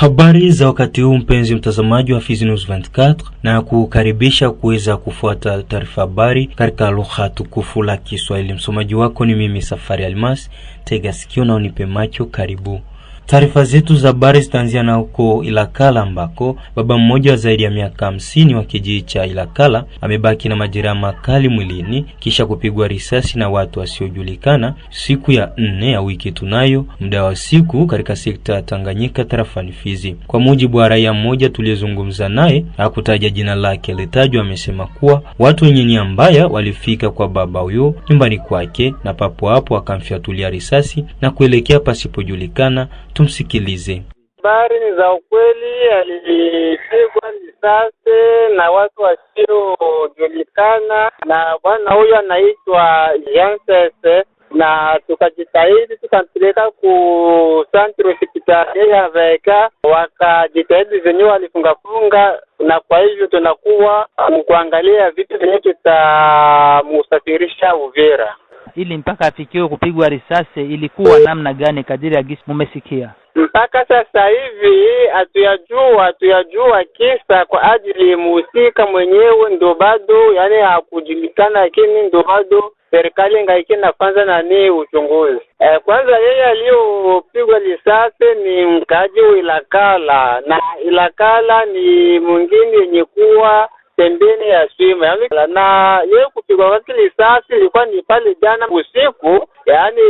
Habari za wakati huu mpenzi mtazamaji wa Fizi News 24, na kukaribisha kuweza kufuata taarifa habari katika lugha tukufu la Kiswahili. Msomaji wako ni mimi Safari Almas, tega sikio na unipe macho. Karibu. Taarifa zetu za habari zitaanzia na huko Ilakala ambako baba mmoja wa zaidi ya miaka hamsini wa kijiji cha Ilakala amebaki na majeraha makali mwilini kisha kupigwa risasi na watu wasiojulikana siku ya nne ya wiki tunayo muda wa siku katika sekta ya Tanganyika tarafani Fizi. Kwa mujibu wa raia mmoja tuliyezungumza naye, hakutaja jina lake litajwa, amesema kuwa watu wenye nia mbaya walifika kwa baba huyo nyumbani kwake na papo hapo akamfyatulia risasi na kuelekea pasipojulikana. Tumsikilize. Habari ni za ukweli, alipigwa risasi na watu wasiojulikana, na bwana huyo anaitwa Jean na tukajitahidi tukampeleka ku santre hospitali ya Veka, wakajitahidi venye walifungafunga, na kwa hivyo tunakuwa mkuangalia vitu venye tutamusafirisha Uvira ili mpaka afikiwe kupigwa risasi ilikuwa namna gani, kadiri ya gisi mumesikia? Mpaka sasa hivi hatuyajua, hatuyajua kisa kwa ajili muhusika mwenyewe ndo bado, yani hakujulikana, lakini ndo bado serikali ngaikina kwanza nani uchunguzi eh. kwanza yeye aliyopigwa risasi ni mkaji wa Ilakala na Ilakala ni mwingine yenye kuwa pembeni ya shimo yaani, na yeye kupigwa kwake risasi ilikuwa ni pale jana usiku, yaani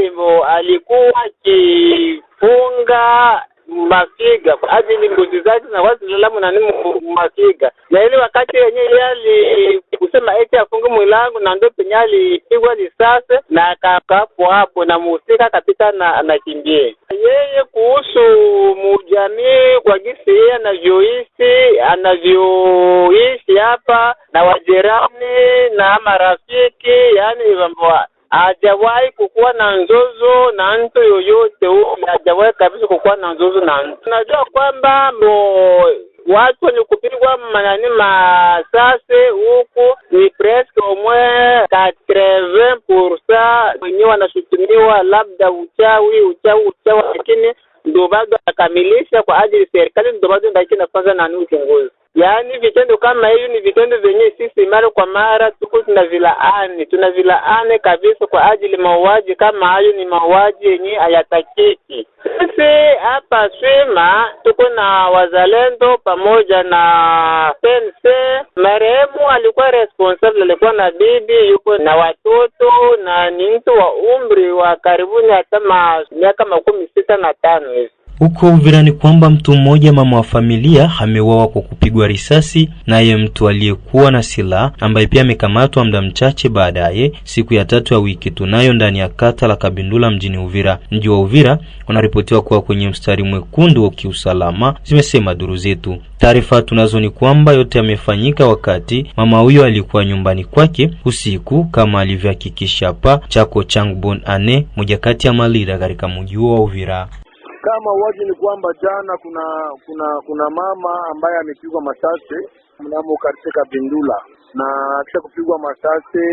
alikuwa akifunga Masiga ajili ngozi zake na wazilalamu nani Masiga na ile wakati yenye ile ali kusema eti afunge mwilangu na ndo penye alipigwa risasi na akakapo hapo, na muhusika akapita na anakimbie yeye. Kuhusu mujamii kwa gisi yeye anavyoishi anavyoishi hapa na wajirani na marafiki yani hajawahi kukuwa na nzozo na mtu yoyote ule, hajawahi kabisa kukuwa na nzozo na mtu. Najua kwamba bo watu wenye kupigwa manani masase huku ni presque au moins 80 pourcent wenye wanashutumiwa labda uchawi uchawi uchawi, lakini ndo bado akamilisha kwa ajili serikali, ndo bado ndakina kwanza nani uchunguzi Yaani vitendo kama hivi ni vitendo vyenye sisi mara kwa mara tuko tunavilaani, tunavilaani kabisa kwa ajili mauaji kama hayo, ni mauaji yenye hayatakiki. Sisi hapa Swima tuko na wazalendo pamoja na PNC. Marehemu alikuwa responsable, alikuwa na bibi yuko na watoto, na ni mtu wa umri wa karibuni hata miaka makumi sita na tano hivi. Huko Uvira ni kwamba mtu mmoja mama wa familia ameuawa kwa kupigwa risasi, naye mtu aliyekuwa na silaha ambaye pia amekamatwa muda mchache baadaye siku ya tatu ya wiki tunayo ndani ya kata la Kabindula mjini Uvira. Mji wa Uvira unaripotiwa kuwa kwenye mstari mwekundu wa kiusalama, zimesema duru zetu. Taarifa tunazo ni kwamba yote yamefanyika wakati mama huyo alikuwa nyumbani kwake usiku, kama alivyohakikisha pa chako changbon Ane, moja kati ya malira katika mji wa Uvira. Kama waje ni kwamba jana kuna kuna kuna mama ambaye amepigwa masase mnamo karce Kabindula, na kisha kupigwa masase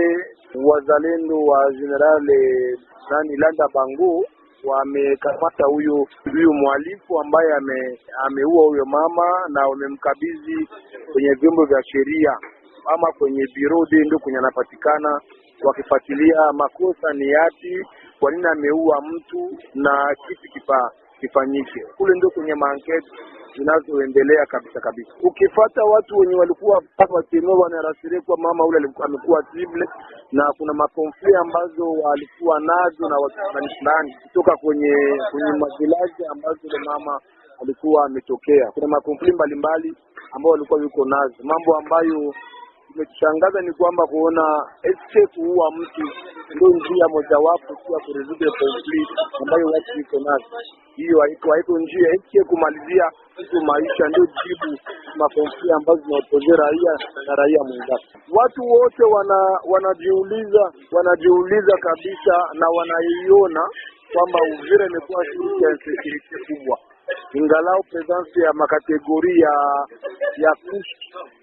wazalendo wa generale nani Landa Bango wamekamata huyo huyu mwalifu ambaye ame, ameua huyo mama na wamemkabidhi kwenye vyombo vya sheria ama kwenye birodi ndio kwenye anapatikana wakifuatilia makosa ni yapi, kwa nini ameua mtu na kipi kipaa kifanyike Kule ndio kwenye maanketi zinazoendelea kabisa kabisa. Ukifata watu wenye walikuwa watemo wanarasiria kuwa mama ule amekuwa tible, na kuna makonfli ambazo walikuwa nazo na watu fulani fulani kutoka kwenye kwenye mavilaji ambazo ule mama alikuwa ametokea. Kuna makonfli mbalimbali ambao walikuwa yuko nazo mambo ambayo kimetushangaza ni kwamba kuona SK kuua mtu ndio njia mojawapo ya kuresolve conflict ambayo watu iko nazo. Hiyo haiko njia. SK kumalizia mtu maisha ndio jibu makonflikt ambazo zinaotozea raia na raia mwenzake. Watu wote wana wanajiuliza wanajiuliza kabisa na wanaiona kwamba Uvira imekuwa shughuli ya insekurite kubwa ingalau presence ya makategori ya ya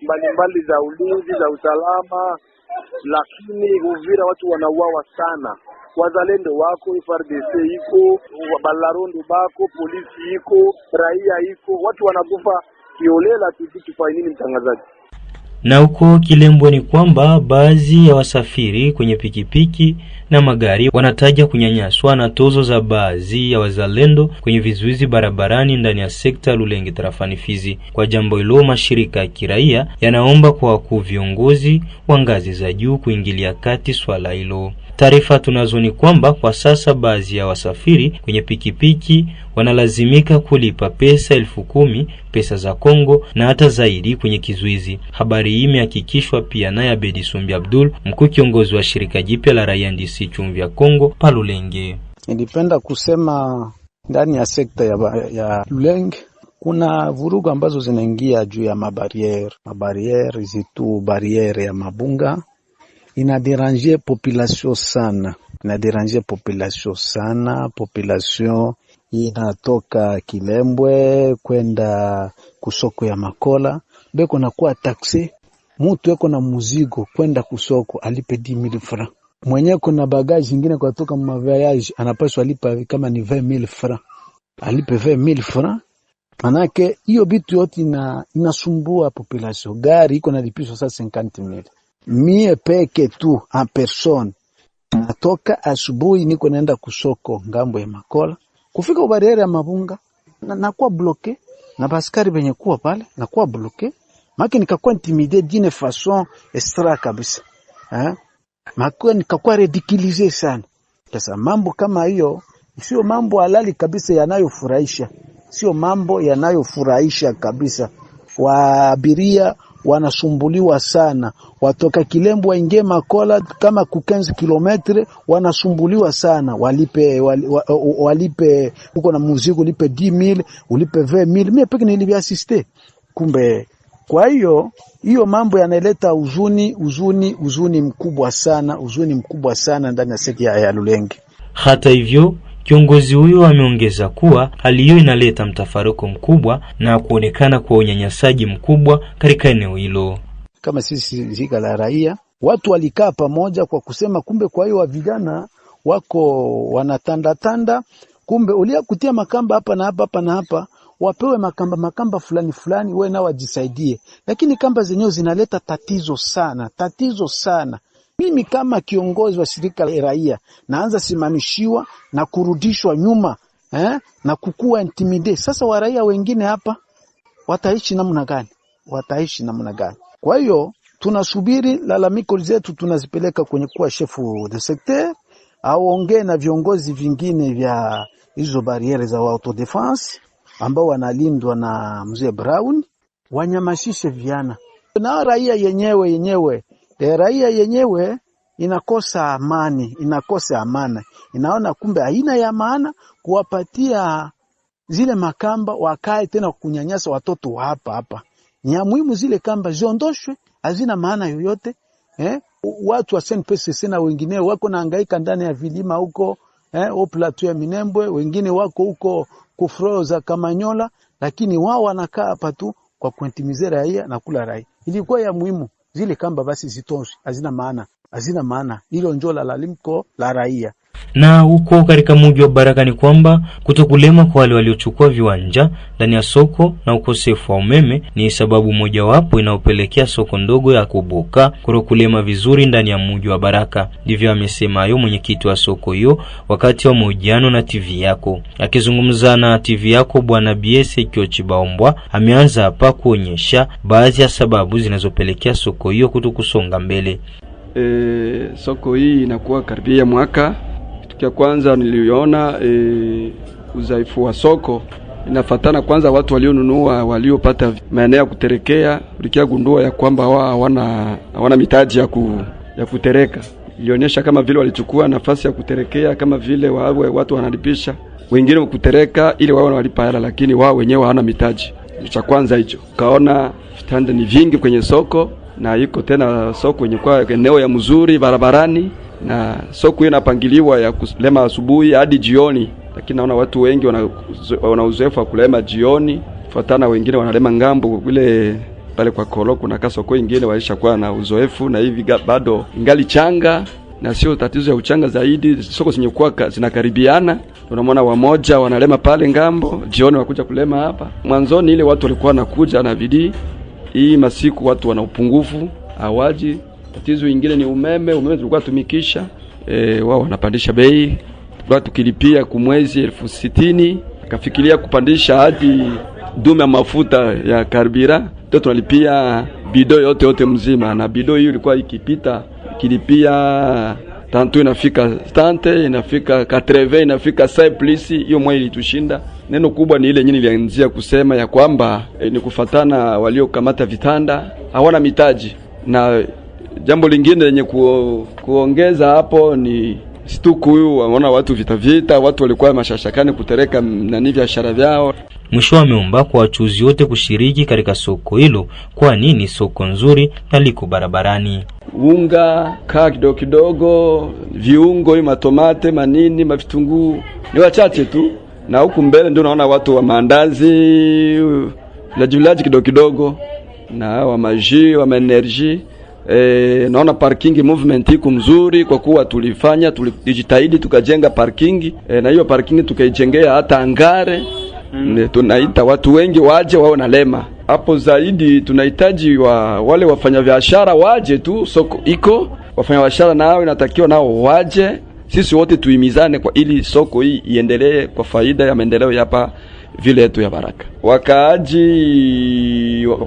mbalimbali za ulinzi za usalama, lakini Uvira watu wanauawa sana. Wazalendo wako frdc iko, balarondo bako, polisi iko, raia iko, watu wanakufa kiolela. Tuzi tufanye nini, mtangazaji? Na huko Kilembwe ni kwamba baadhi ya wasafiri kwenye pikipiki na magari wanataja kunyanyaswa na tozo za baadhi ya wazalendo kwenye vizuizi barabarani ndani ya sekta ya Lulenge tarafani Fizi. Kwa jambo hilo, mashirika ya kiraia yanaomba kwa wakuu viongozi wa ngazi za juu kuingilia kati swala hilo. Taarifa tunazo ni kwamba kwa sasa baadhi ya wasafiri kwenye pikipiki wanalazimika kulipa pesa elfu kumi pesa za Kongo na hata zaidi kwenye kizuizi. Habari hii imehakikishwa pia naye Abedi Sumbi Abdul, mkuu kiongozi wa shirika jipya la raia NDC chumvi ya Kongo Palulenge. Nilipenda kusema ndani ya sekta ya, ya Lulenge kuna vurugu ambazo zinaingia juu ya mabariere mabariere zitu bariere ya mabunga inaderange population sana, inaderange population sana. Population inatoka Kilembwe kwenda kusoko ya Makola beko nakuwa taksi, mutu eko na muzigo kwenda kusoko alipe 10000 francs mwenye kuna bagaji ingine kwa toka anapaswa alipa kama ni 20000 francs, alipe 20000 francs. Manake hiyo bitu yote ina, inasumbua population. Gari iko sa sasa 50000 mie peke tu a person natoka asubuhi, niko naenda kusoko ngambo ya Makola, kufika ubariere ya Mabunga na, nakuwa bloke na baskari benye kuwa pale, nakuwa bloke maki, nikakuwa intimide dine fason estra kabisa eh, maki nikakuwa redikilize sana. Sasa mambo kama hiyo sio mambo halali kabisa, yanayofurahisha sio mambo yanayofurahisha kabisa, waabiria wanasumbuliwa sana, watoka Kilembo waingie Makola kama ku 15 kilometre, wanasumbuliwa sana, walipe wal, walipe huko na muziki, ulipe 10000 ulipe 20000 mimi peke assiste Kumbe kwa hiyo hiyo mambo yanaleta huzuni, huzuni, huzuni mkubwa sana, huzuni mkubwa sana ndani ya sekta ya Lulenge. Hata hivyo Kiongozi huyo ameongeza kuwa hali hiyo inaleta mtafaruko mkubwa na kuonekana kwa unyanyasaji mkubwa katika eneo hilo. Kama sisi shirika la raia, watu walikaa pamoja kwa kusema, kumbe kwa hiyo wa vijana wako wanatandatanda, kumbe ulia kutia makamba hapa na hapa hapa na hapa wapewe makamba makamba fulani fulani, wewe nao wajisaidie, lakini kamba zenyewe zinaleta tatizo sana, tatizo sana mimi kama kiongozi wa shirika la raia naanza simamishiwa na kurudishwa nyuma eh, na kukua intimide. Sasa waraia wengine hapa wataishi namna gani? Wataishi namna gani? Kwa hiyo tunasubiri lalamiko zetu, tunazipeleka kwenye kuwa shefu de secteur aongee na viongozi vingine vya hizo bariere za autodefense ambao wanalindwa na mzee Brown, wanyamashishe viana na raia yenyewe yenyewe e, raia yenyewe inakosa amani, inakosa amana, inaona kumbe haina ya maana kuwapatia zile makamba wakae tena kunyanyasa watoto hapa hapa. Ni muhimu zile kamba ziondoshwe, hazina maana yoyote eh? Watu wa SNPCC na wengineo wako naangaika ndani ya vilima huko eh, au plateau ya Minembwe, wengine wako huko kufro za Kamanyola, lakini wao wanakaa hapa tu kwa kuintimize raia na kula raia. Ilikuwa ya muhimu zile kamba basi zitoshe, hazina maana, hazina maana. Hilo njo lalamiko la raia na huko katika muji wa Baraka ni kwamba kutokulema kwa wale waliochukua viwanja ndani ya soko na ukosefu wa umeme ni sababu mojawapo inayopelekea soko ndogo ya Kubuka kutokulema vizuri ndani ya muji wa Baraka. Ndivyo amesema hayo mwenyekiti wa soko hiyo wakati wa mahojiano na TV yako. Akizungumza na TV yako, bwana Biese Kiochibaombwa ameanza hapa kuonyesha baadhi ya sababu zinazopelekea soko hiyo kutokusonga mbele. E, soko hii inakuwa karibia mwaka ya kwanza niliona e, udhaifu wa soko inafatana kwanza, watu walionunua waliopata maeneo ya kuterekea, ulikia gundua ya kwamba wao hawana hawana mitaji ya, ku, ya kutereka. Ilionyesha kama vile walichukua nafasi ya kuterekea, kama vile wawe watu wanalipisha wengine kutereka ili wao wanalipa hela, lakini wao wenyewe hawana mitaji. Cha kwanza hicho, kaona vitanda ni vingi kwenye soko na iko tena soko yenye kwa eneo ya mzuri barabarani na soko hiyo inapangiliwa ya kulema asubuhi hadi jioni, lakini naona watu wengi wana uzoefu wa kulema jioni fatana, wengine wanalema ngambo vile pale kwa kolo, kuna kasoko ingine walishakuwa na uzoefu na hivi bado ingali changa na sio tatizo ya uchanga zaidi, soko zinyokuwa zinakaribiana, unamwona wamoja wanalema pale ngambo, jioni wakuja kulema hapa. Mwanzoni ile watu walikuwa wanakuja na bidii, hii masiku watu wana upungufu, awaji Tatizo ingine ni umeme. Umeme tulikuwa tumikisha e, wao wanapandisha bei, tulikuwa tukilipia kumwezi elfu sitini akafikiria kupandisha hadi dume ya mafuta ya karbira ndio tunalipia bido yote yote mzima, na bido hiyo ilikuwa ikipita ikilipia tantu inafika tante inafika katreve inafika sai Hiyo mwa ilitushinda. Neno kubwa ni ile yenyewe ilianzia kusema ya kwamba e, ni kufatana waliokamata vitanda hawana mitaji na Jambo lingine lenye ku, kuongeza hapo ni stuku huyu, waona watu vita vita, watu walikuwa mashashakani kutereka nani biashara vyao. Mwisho ameomba kwa wachuzi wote kushiriki katika soko hilo, kwani ni soko nzuri na liko barabarani. Unga kaa kidogo kidogo, viungo hii, matomate manini, mavitunguu ni wachache tu, na huku mbele ndio naona watu wa maandazi, vilaji kidogo kidogo, na wa maji wa maenerji E, naona parking movement iko mzuri kwa kuwa tulifanya tulijitahidi tukajenga parking e, na hiyo parking tukaijengea hata angare mm. E, tunaita watu wengi waje wao na lema hapo zaidi. Tunahitaji wa, wale wafanyabiashara waje tu, soko iko, wafanyabiashara nao inatakiwa nao waje, sisi wote tuimizane kwa ili soko hii iendelee kwa faida ya maendeleo hapa vile yetu ya Baraka. Wakaaji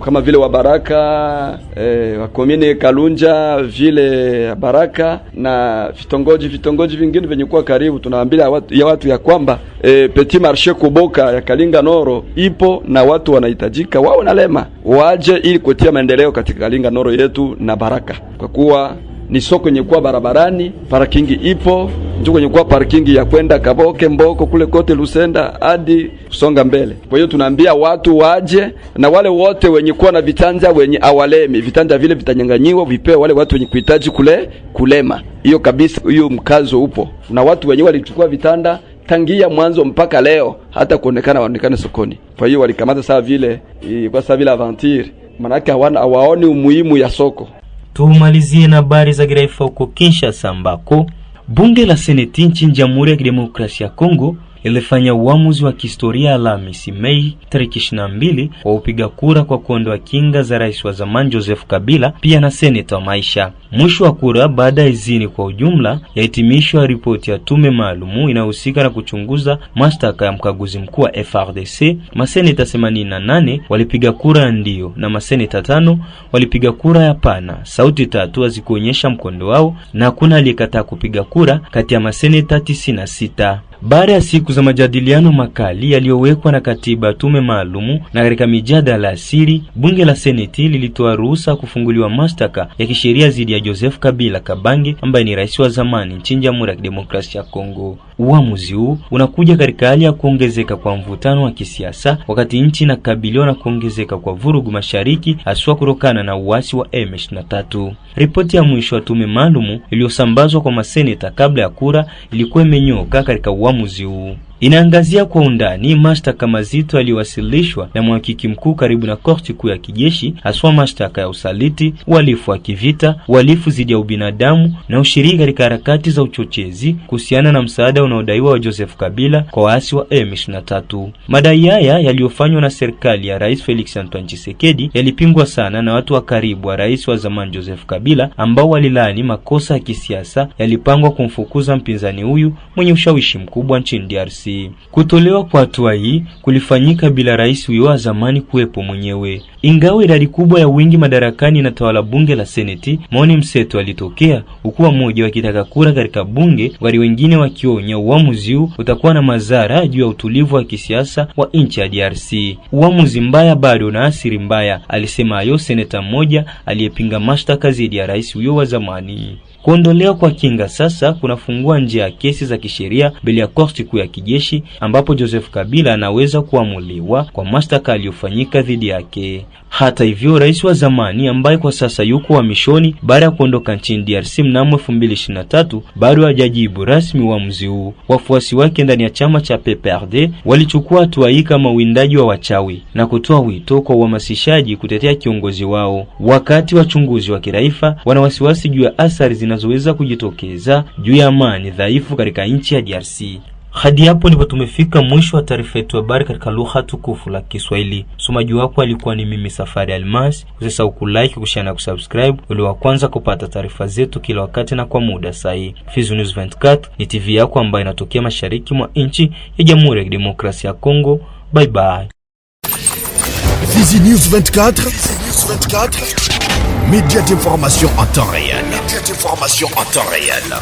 kama vile wa Baraka eh, wa komini Kalunja vile ya Baraka na vitongoji vitongoji vingine venye kuwa karibu, tunaambia watu ya watu ya kwamba eh, Petit Marché Kuboka ya Kalinga Noro ipo na watu wanahitajika wao na lema waje ili kutia maendeleo katika Kalinga Noro yetu na Baraka kwa kuwa ni soko yenye kuwa barabarani, parking ipo njo kwenye kuwa parkingi ya kwenda Kaboke, Mboko kule kote Lusenda hadi kusonga mbele. Kwa hiyo tunaambia watu waje na wale wote wenye kuwa na vitanja wenye awalemi vitanja vile vitanyanganyiwa vipewe wale watu wenye kuhitaji kule kulema. Hiyo kabisa, hiyo mkazo upo na watu wenye walichukua vitanda tangia mwanzo mpaka leo, hata kuonekana waonekane sokoni. Kwa hiyo walikamata saa vile eh, kwa saa vile aventure, manake hawana hawaoni umuhimu ya soko. Tumalizie na habari za kitaifa huko Kinshasa, ambako bunge la seneti nchini Jamhuri ya Kidemokrasia ya Kongo ilifanya uamuzi wa kihistoria Alhamisi Mei tarehe 22 wa upiga kura kwa kuondoa kinga za rais wa zamani Joseph Kabila pia na seneta wa Maisha. Mwisho wa kura baada ya izini kwa ujumla yahitimishwa ripoti ya tume maalumu inayohusika na kuchunguza mashtaka ya mkaguzi mkuu wa FRDC. Maseneta 88 walipiga kura ya ndio na maseneta tano walipiga kura ya pana, sauti tatu hazikuonyesha mkondo wao na hakuna aliyekataa kupiga kura kati ya maseneta 96. Baada ya siku za majadiliano makali yaliyowekwa na katiba tume maalumu na katika mijadala asiri bunge la seneti lilitoa ruhusa kufunguliwa mashtaka ya kisheria dhidi ya Joseph Kabila Kabange ambaye ni rais wa zamani nchini Jamhuri ya Kidemokrasia ya Kongo. Uamuzi huu unakuja katika hali ya kuongezeka kwa mvutano wa kisiasa wakati nchi inakabiliwa na kuongezeka kwa vurugu mashariki, haswa kutokana na uasi wa M23. Ripoti ya mwisho ya tume maalumu iliyosambazwa kwa maseneta kabla ya kura ilikuwa imenyoka katika wa muzibu inaangazia kwa undani mashtaka mazito yaliyowasilishwa na mhakiki mkuu karibu na korti kuu ya kijeshi, haswa mashtaka ya usaliti, uhalifu wa kivita, uhalifu dhidi ya ubinadamu na ushiriki katika harakati za uchochezi kuhusiana na msaada unaodaiwa wa Joseph Kabila kwa waasi wa M23. Madai haya yaliyofanywa na serikali ya Rais Felix Antoine Tshisekedi yalipingwa sana na watu wa karibu wa rais wa zamani Joseph Kabila ambao walilaani makosa ya kisiasa yalipangwa kumfukuza mpinzani huyu mwenye ushawishi mkubwa nchini DRC hii. Kutolewa kwa hatua hii kulifanyika bila rais huyo wa zamani kuwepo mwenyewe. Ingawa idadi kubwa ya wingi madarakani inatawala bunge la seneti, maoni mseto alitokea huku wamoja wakitaka kura katika bunge, wali wengine wakionya uamuzi huu utakuwa na madhara juu ya utulivu wa kisiasa wa nchi ya DRC. Uamuzi mbaya bado na asiri mbaya, alisema hayo seneta mmoja aliyepinga mashtaka dhidi ya rais huyo wa zamani. Kuondolewa kwa kinga sasa kunafungua njia ya kesi za kisheria mbele ya korti kuu ya kijeshi ambapo Joseph Kabila anaweza kuamuliwa kwa mashtaka aliyofanyika dhidi yake. Hata hivyo, rais wa zamani ambaye kwa sasa yuko uhamishoni baada ya kuondoka nchini DRC mnamo 2023 bado hajajibu rasmi uamuzi huu. Wafuasi wake ndani ya chama cha PPRD walichukua hatua hii kama uwindaji wa wachawi na kutoa wito kwa uhamasishaji kutetea kiongozi wao, wakati wachunguzi wa kiraifa wana wasiwasi juu ya athari zinazoweza kujitokeza juu ya amani dhaifu katika nchi ya DRC. Hadi hapo ndipo tumefika mwisho wa taarifa yetu habari katika lugha tukufu la Kiswahili. Msomaji wako alikuwa ni mimi Safari Almas. Usisahau kulike, kushare na kusubscribe ili wa kwanza kupata taarifa zetu kila wakati na kwa muda sahihi. Fizi News 24 ni TV yako ambayo inatokea mashariki mwa nchi ya Jamhuri ya Kidemokrasia ya Kongo. Bye bye. Fizi News 24. Fizi News 24. Média d'information en temps réel. Media d'information en temps réel.